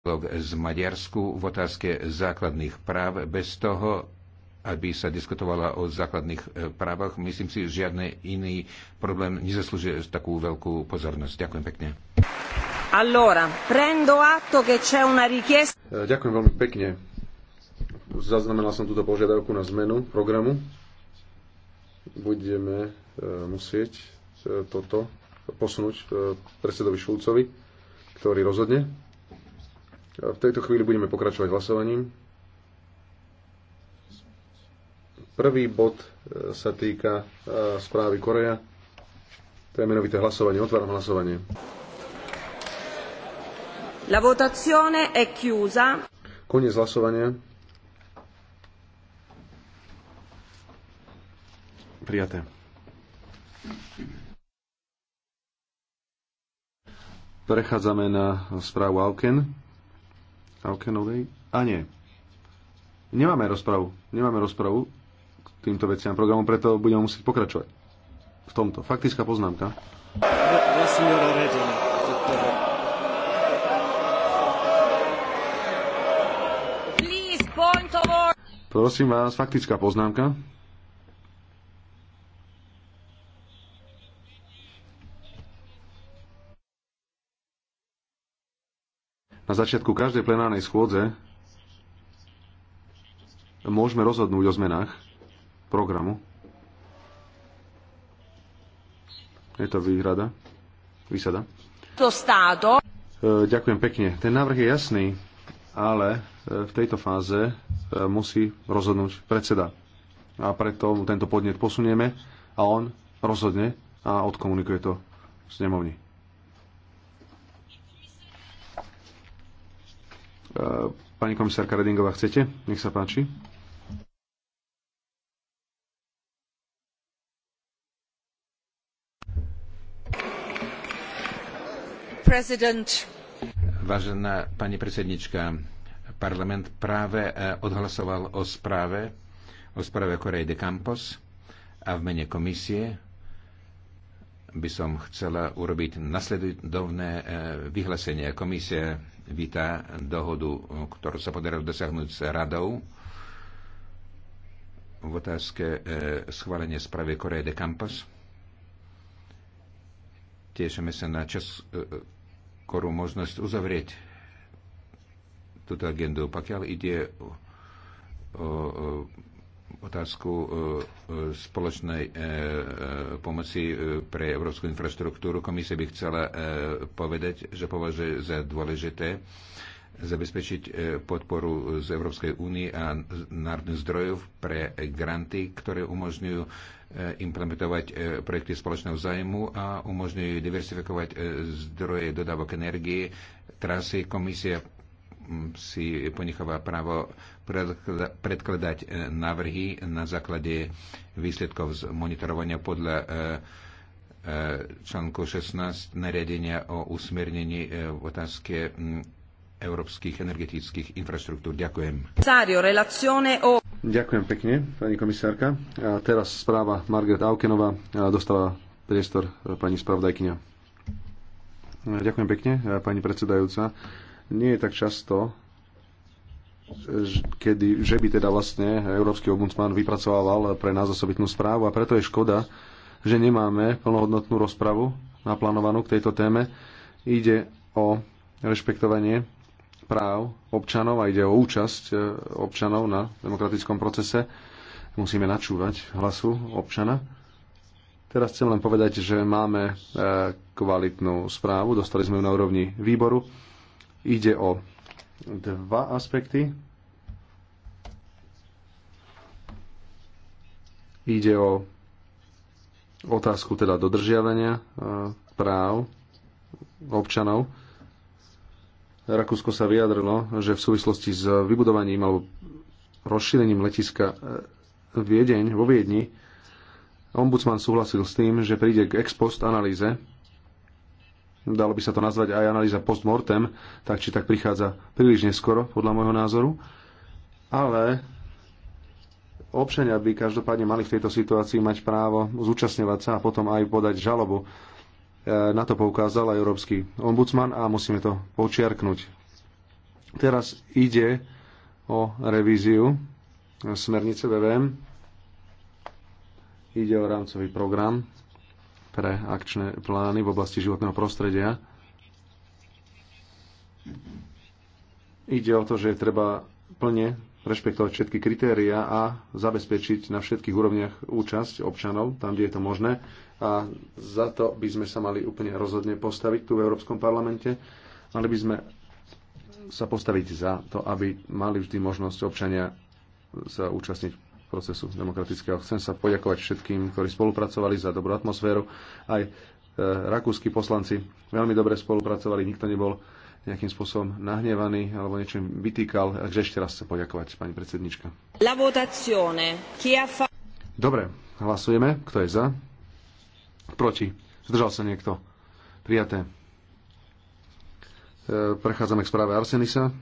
dialog z Maďarsku v otázke základných práv bez toho, aby sa diskutovala o základných e, právach. Myslím si, že žiadny iný problém nezaslúži takú veľkú pozornosť. Ďakujem pekne. Allora, prendo atto che c'è una richiesta. E, ďakujem veľmi pekne. Zaznamenal som túto požiadavku na zmenu programu. Budeme e, musieť toto posunúť predsedovi Šulcovi, ktorý rozhodne. V tejto chvíli budeme pokračovať hlasovaním. Prvý bod e, sa týka e, správy Korea. To je menovité hlasovanie. Otváram hlasovanie. La votazione è chiusa. Koniec hlasovania. Prijaté. Prechádzame na správu Auken. Alkenovi. A nie. Nemáme rozpravu. Nemáme rozpravu k týmto veciam programu, preto budeme musieť pokračovať v tomto. Faktická poznámka. Prosím vás, faktická poznámka. na začiatku každej plenárnej schôdze môžeme rozhodnúť o zmenách programu. Je to výhrada. Výsada. To stádo. E, ďakujem pekne. Ten návrh je jasný, ale e, v tejto fáze e, musí rozhodnúť predseda. A preto tento podnet posunieme a on rozhodne a odkomunikuje to snemovni. Eh, pani komisárka Redingová, chcete? Nech sa páči. President. Vážená pani predsednička, parlament práve eh, odhlasoval o správe, o správe Korej de Campos a v mene komisie by som chcela urobiť nasledovné eh, vyhlásenie. Komisia víta dohodu, ktorú sa podarilo dosiahnuť s radou v otázke e, schválenia správy Koreje de Campos. Tešíme sa na čas, e, ktorú možnosť uzavrieť túto agendu. Pokiaľ ide o, o, o otázku e, e, spoločnej e, pomoci pre európsku infraštruktúru. Komisia by chcela povedať, že považuje za dôležité zabezpečiť podporu z Európskej únie a národných zdrojov pre granty, ktoré umožňujú implementovať projekty spoločného zájmu a umožňujú diversifikovať zdroje dodávok energie. Trasy komisia si ponecháva právo predkladať e, návrhy na základe výsledkov z monitorovania podľa e, e, článku 16 nariadenia o usmernení v otázke európskych energetických infraštruktúr. Ďakujem. Ďakujem pekne, pani komisárka. A teraz správa Margaret Aukenová dostáva priestor pani spravodajkyňa. Ďakujem pekne, pani predsedajúca nie je tak často, kedy, že by teda vlastne Európsky ombudsman vypracovával pre nás osobitnú správu a preto je škoda, že nemáme plnohodnotnú rozpravu naplánovanú k tejto téme. Ide o rešpektovanie práv občanov a ide o účasť e, občanov na demokratickom procese. Musíme načúvať hlasu občana. Teraz chcem len povedať, že máme e, kvalitnú správu, dostali sme ju na úrovni výboru Ide o dva aspekty. Ide o otázku teda dodržiavania e, práv občanov. Rakúsko sa vyjadrilo, že v súvislosti s vybudovaním alebo rozšírením letiska e, Viedeň, vo Viedni, ombudsman súhlasil s tým, že príde k ex post analýze dalo by sa to nazvať aj analýza postmortem, tak či tak prichádza príliš neskoro, podľa môjho názoru. Ale občania by každopádne mali v tejto situácii mať právo zúčastňovať sa a potom aj podať žalobu. E, na to poukázal aj Európsky ombudsman a musíme to počiarknúť. Teraz ide o revíziu smernice BVM. Ide o rámcový program pre akčné plány v oblasti životného prostredia. Ide o to, že treba plne rešpektovať všetky kritéria a zabezpečiť na všetkých úrovniach účasť občanov, tam, kde je to možné. A za to by sme sa mali úplne rozhodne postaviť tu v Európskom parlamente. Mali by sme sa postaviť za to, aby mali vždy možnosť občania sa účastniť procesu demokratického. Chcem sa poďakovať všetkým, ktorí spolupracovali za dobrú atmosféru. Aj e, rakúsky poslanci veľmi dobre spolupracovali, nikto nebol nejakým spôsobom nahnevaný alebo niečím vytýkal. Takže ešte raz chcem poďakovať, pani predsednička. La votazione. fa... Dobre, hlasujeme. Kto je za? Proti. Zdržal sa niekto. Prijaté. E, prechádzame k správe Arsenisa.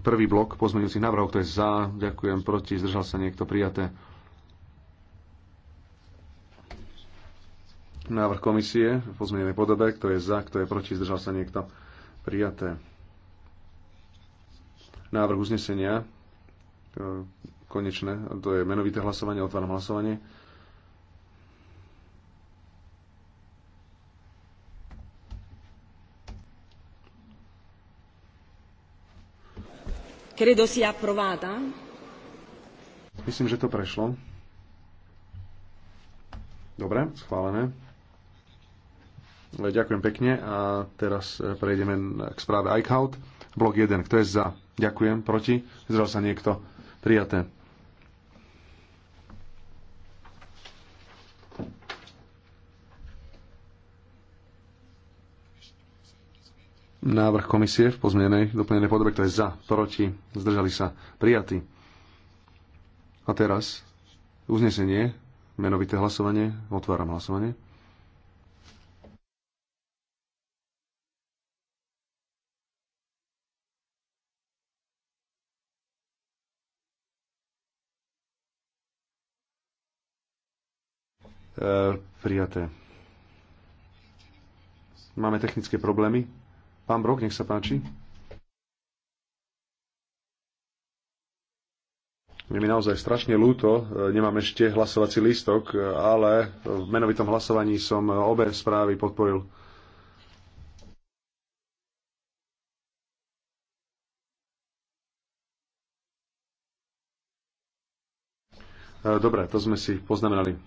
Prvý blok pozmeňujúcich návrhov, kto je za, ďakujem, proti, zdržal sa niekto, prijaté. Návrh komisie v pozmenenej podobe, kto je za, kto je proti, zdržal sa niekto, prijaté. Návrh uznesenia, e, konečné, to je menovité hlasovanie, otváram hlasovanie. Credo sia approvata. Myslím, že to prešlo. Dobre, schválené. Ďakujem pekne a teraz e, prejdeme k správe iCloud. Blok 1. Kto je za? Ďakujem. Proti? Zdržal sa niekto? Prijaté. Návrh komisie v pozmenenej doplnenej podobe, ktoré je za, proti, zdržali sa, prijatí. A teraz uznesenie, menovité hlasovanie, otváram hlasovanie. E, prijaté. Máme technické problémy. Pán Brok, nech sa páči. Je mi naozaj strašne ľúto, e, nemám ešte hlasovací lístok, e, ale v menovitom hlasovaní som obe správy podporil. E, dobre, to sme si poznamenali.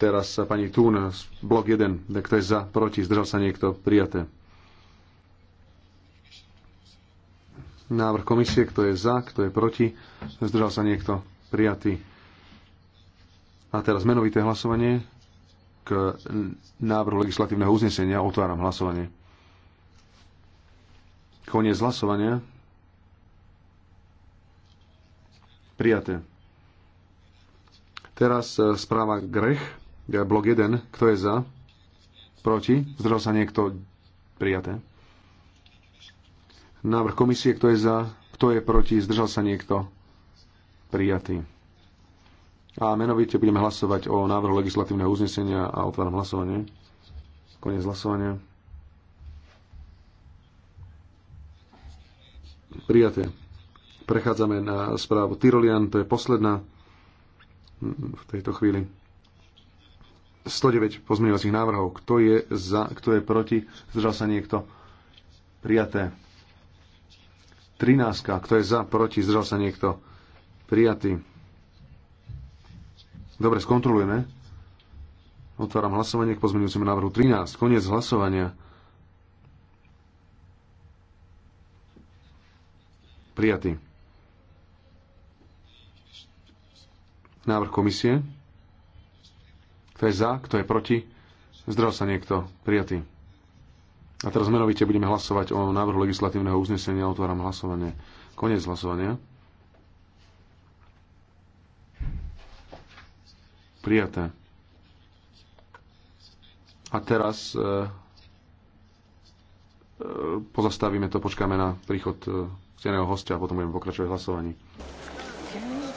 Teraz pani Tún, blok 1, kto je za, proti, zdržal sa niekto, prijaté. Návrh komisie, kto je za, kto je proti. Zdržal sa niekto. Prijatý. A teraz menovité hlasovanie k návrhu legislatívneho uznesenia. Otváram hlasovanie. Koniec hlasovania. Prijaté. Teraz e, správa Grech, e, blok 1. Kto je za? Proti? Zdržal sa niekto? Prijaté. Návrh komisie, kto je za, kto je proti, zdržal sa niekto. Prijatý. A menovite budeme hlasovať o návrhu legislatívneho uznesenia a otváram hlasovanie. Konec hlasovania. Prijaté. Prechádzame na správu Tyrolian, to je posledná v tejto chvíli. 109 pozmeňovacích návrhov. Kto je za, kto je proti? Zdržal sa niekto? Prijaté. 13. Kto je za, proti, zdržal sa niekto? Prijatý. Dobre, skontrolujeme. Otváram hlasovanie k pozmeňujúcemu návrhu 13. Koniec hlasovania. Prijatý. Návrh komisie. Kto je za, kto je proti? Zdrav sa niekto? Prijatý. A teraz menovite budeme hlasovať o návrhu legislatívneho uznesenia. Otváram hlasovanie. Konec hlasovania. Prijaté. A teraz e, e, pozastavíme to, počkáme na príchod e, hostia a potom budeme pokračovať v hlasovaní.